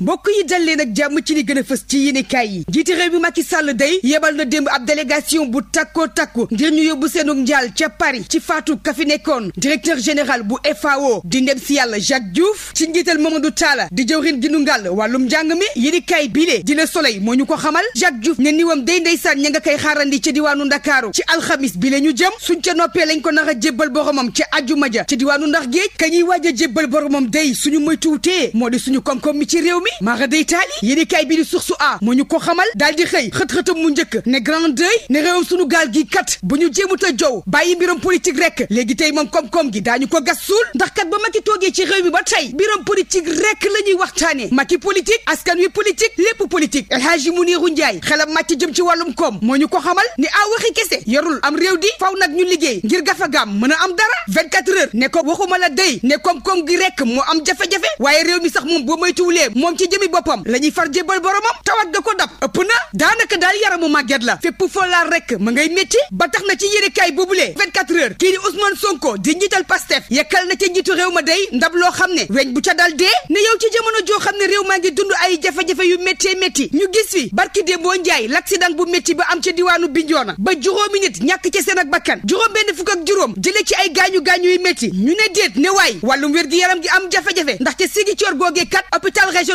mbokk yi dal leen ak jàmm ci ni gën fës ci yéenekaay yi njiiti réew mi Macky Sall day yebal na démb ab délégation bu takkoo takku ngir ñu yóbbu seenug njaal ca Paris ci faatu ka fi nekkoon directeur général bu FAO di ndem si yàlla Jacques Diouf ci njiital Mamadou Talla di jëw jëwrin gi nu ngàll wàllum njàng mi yéenekaay bile di Le Soleil moo ñu ko xamal Jacques Diouf ne niwam day ndeysaan ña nga kay xaarandi ci diwaanu Ndakaaru ci alxamis bi la ñu jëm suñ ca noppee lañ ko nar a jébbal boromam ca àjjuma ja ci diwaanu Ndar Géej ka ñuy waaj a jébbal boromam day suñu moytuwutee moo di suñu koom ci réew mi maara day taali yéeni kaay bi di su a moo ñu ko xamal daal di xëy xët xëtëm mu njëkk ne grand deuil ne réewam sunu gaal gi kat bu ñu jéemuta jow bàyyi mbiram politique rek léegi tey moom koom-koom gi ñu ko gas suul ndax kat ba Macky toogee ci réew mi ba tey mbiram politique rek la ñuy waxtaane Macky politique askan wi politique lépp politique El Hadji Mouniru Ndiaye xelam màcc jëm ci wàllum koom moo ñu ko xamal ni a waxi kese yarul am réew di faw nag ñu liggéey ngir gafagaam mën a am dara 24 heures ne ko waxuma la day ne koom-koom gi rek moo am jafe waaye réew mi sax moom boo moytuwulee moom ci jëmi boppam la ñuy far jébbal boromam tawat ga ko dab ëpp na daanaka daal yaramu màgget la fépp foo laal rek ma ngay métti ba tax na ci yéenekaay boobule 24 heures kii di Ousmane Sonko di njiital Pastef yekkal na ca njiitu réew ma day ndab loo xam ne weñ bu ca dal dee ne yow ci jamono joo xam ne réew maa ngi dund ay jafe-jafe yu méttee métti ñu gis fi barki démboo njaay l'accident bu métti ba am ci diwaanu bi Bignona ba juróomi nit ñàkk ci seen ak bakkan juróom benn fukk ak juróom jële ci ay gaañu-gaañu yu métti ñu ne déet ne waay wàllum wér gi yaram gi am jafe-jafe ndax ca Sigicoor googee kat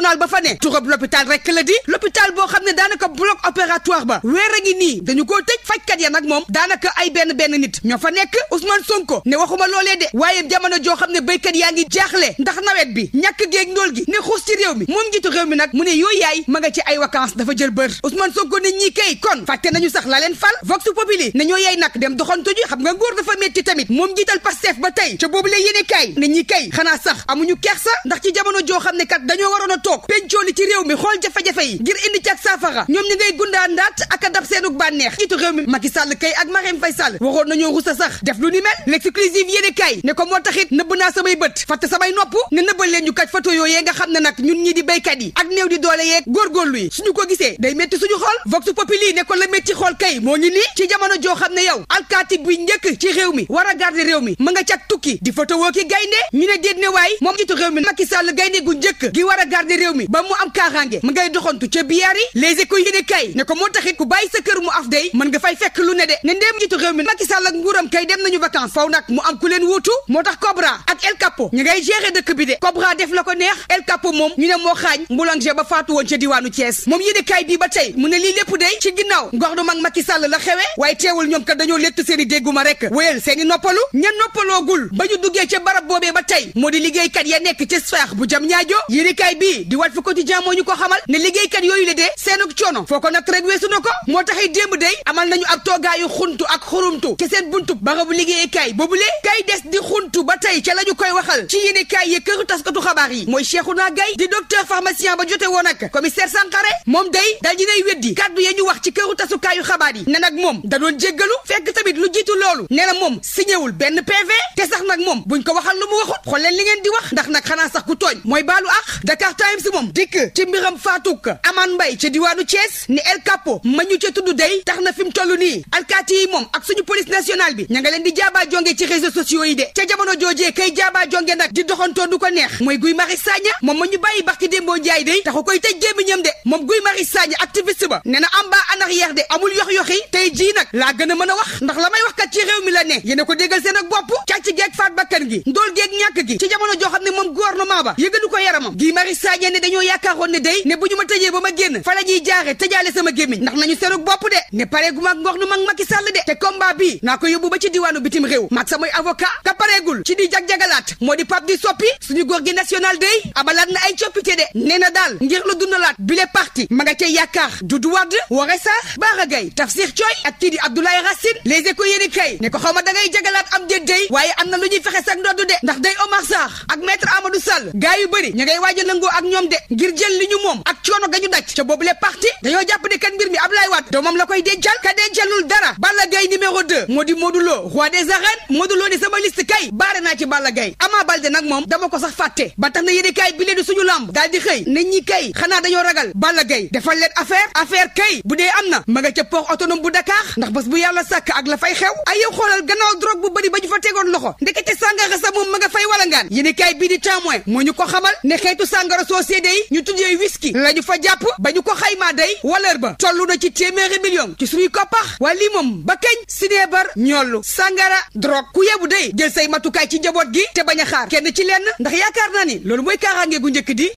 hôpital ba fa ne turab l'hôpital rek la di l'hôpital boo xam ne daanaka bloc opératoire ba weer a ngi nii dañu koo tëj fajkat ya nag moom daanaka ay benn benn nit ñoo fa nekk Ousmane Sonko ne waxuma loolee de waaye jamono joo xam ne béykat yaa ngi jaaxle ndax nawet bi ñàkk géeg ndool gi ne xuus ci réew mi moom njiitu réew mi nag mu ne yooyu yaay ma nga ci ay vacances dafa jël bër Ousmane Sonko ne ñii kay kon fàtte nañu sax la leen fal vox populi ne ñoo yaay nag dem doxantu ji xam nga nguur dafa metti tamit moom njiital Pastef ba tey ca boobu la yéene kaay ne ñii kay xanaa sax ndax ci jamono joo xam ne kat dañoo waroon a toog toog pencoo li ci réew mi xool jafe-jafe yi ngir indi ci ak saafara ñoom ñi ngay gundaan ndaat ak a dab bànneex itu réew mi Macky Sall lu ni moo taxit nëbb naa samay bët fatte samay nopp nga nëbbal leen ñu kat photo yooyee nga xam ne nag ñun ñi di béykat yi ak néew di doole yeeg mi war a garder réew mi ma nga cak tukki di photo woo ki gaynde ñu ne déet ne waay moom jiitu réew mi Macky Sall gaynde gu njëkk gi war a garder réew réew mi ba mu am kaaraange ma ngay doxantu ca biyaar yi les écoles kay ne ko moo taxit ku bàyyi sa kër mu af day mën nga fay fekk lu ne de ne ndéem mu am ku leen wuutu moo la ko neex El Capo moom ñu ne moo xaañ Boulanger ba faatu woon ca diwaanu Thiès moom yéene kaay bii ba tey mu ne lii lépp day ci ginnaaw gouvernement ak Macky Sall la xewe waaye teewul ñoom kat dañoo létt seen dégguma rek wéyal seen noppalu ña noppaloogul ba ñu duggee ca barab boobee ba tey moo di ya nekk ca sfaax bu Walf Quotidien moo ñu ko xamal ne liggéeykat yooyu la dee seenuk coono foo ko natt rek weesu na ko moo taxi démb day amal nañu ab toogaayu xuntu ak xurumtu ci buntu ba nga bu liggéeykaay boobulee kay des di xuntu ba tey ca la ñu koy waxal ci yéene kaay yi këru taskatu xabaar yi mooy Cheikhouna Gaye di docteur pharmacien ba jote woon ak commissaire Sankharé moom day dal dinay weddi kàddu ya ñu wax ci këru tasukaayu xabaar yi ne nag moom da doon jéggalu fekk tamit lu jiitu loolu nee na moom benn PV te sax nag moom ko waxal lu mu waxut xool li ngeen di wax ndax nag xanaa sax ku tooñ mooy baalu maximum dikk ci mbiram faatuk amaan mbay ca diwaanu Thiès ni El Capo ma ñu ca tudd day tax na fi mu nii alkaati moom ak suñu police nationale bi ña nga leen di jaabaa jonge ci réseaux sociaux yi de ca jamono joojee kay jaabaa jonge nag di doxantoo du ko neex mooy Guy Marius Sagna moom ma ñu bàyyi barki démboo njaay day taxu koy tëj gémmiñam de moom Guy Marius Sagna activiste ba nee na am baa en arrière de amul yox-yoxi tey jii nag laa gën a mën a wax ndax la may wax la ne ko déggal seen ak bopp càcc geeg faat ne dañoo yaakaaroon ne day ne bu ñu ma tëjee ba ma génn fa la ñuy jaare tëjaale sama gémmiñ ndax nañu serug bopp de ne pareegu mag ngox nu mag Macky Sall de te combat bi naa ko yóbbu ba ci diwaanu bitim réew maag samay avocat ka pareegul ci di jag-jagalaat moo di Pape di soppi suñu góor gi national day abalaat na ay coppite de nee na daal ngir lu dundalaat bile parti ma nga cay yaakaar Doudou Wade Woré Sarr Bara Gaye Tafsir Thioye ak kii di Abdoulaye Racine les écoles yéeni kay ne ko xaw ma da ngay jagalaat am déet day waaye am na lu ñuy fexe sax ndoddu de ndax day Omar Sarr Sall gaa yu bëri ña ngay waaj a lëngoo ak ñoom de ngir jël li ñu moom ak coono ga ñu daj ca boobule parti dañoo jàpp ne kan mbir mi Ablaye Wade doomam la koy dencal ka dencalul dara Balla Gaye ni numéro 2 moo di Modou Lo roi des arènes Modou Lo ni sama liste kay baare naa ci Balla Gaye Ama Baldé nag moom dama ko sax fàtte ba tax na yéene kaay bi lee di suñu lamb di xëy ne ñi kay xanaa dañoo ragal Balla Gaye defal leen affaire affaire kay bu dee am na ma nga ca port autonome bu Dakar ndax bés bu yàlla sàkk ak la fay xew ay yow xoolal gannaaw drogue bu bëri ba ñu fa tegoon loxo ndekete sàngara sa moom ma nga fay walangaan yéene kaay bii di témoin moo ñu ko xamal ne xeetu sàngara fa jàpp ba ko xaymaa day valeur ba tollu na ci téeméeri million ci suñuy koppax waa lii sineebar ñollu sangara drogue ku yebu dey jël say matukaay ci njaboot gi te bañ a xaar kenn ci lenn ndax yaakaar naa ni loolu mooy kaaraange gu njëkk di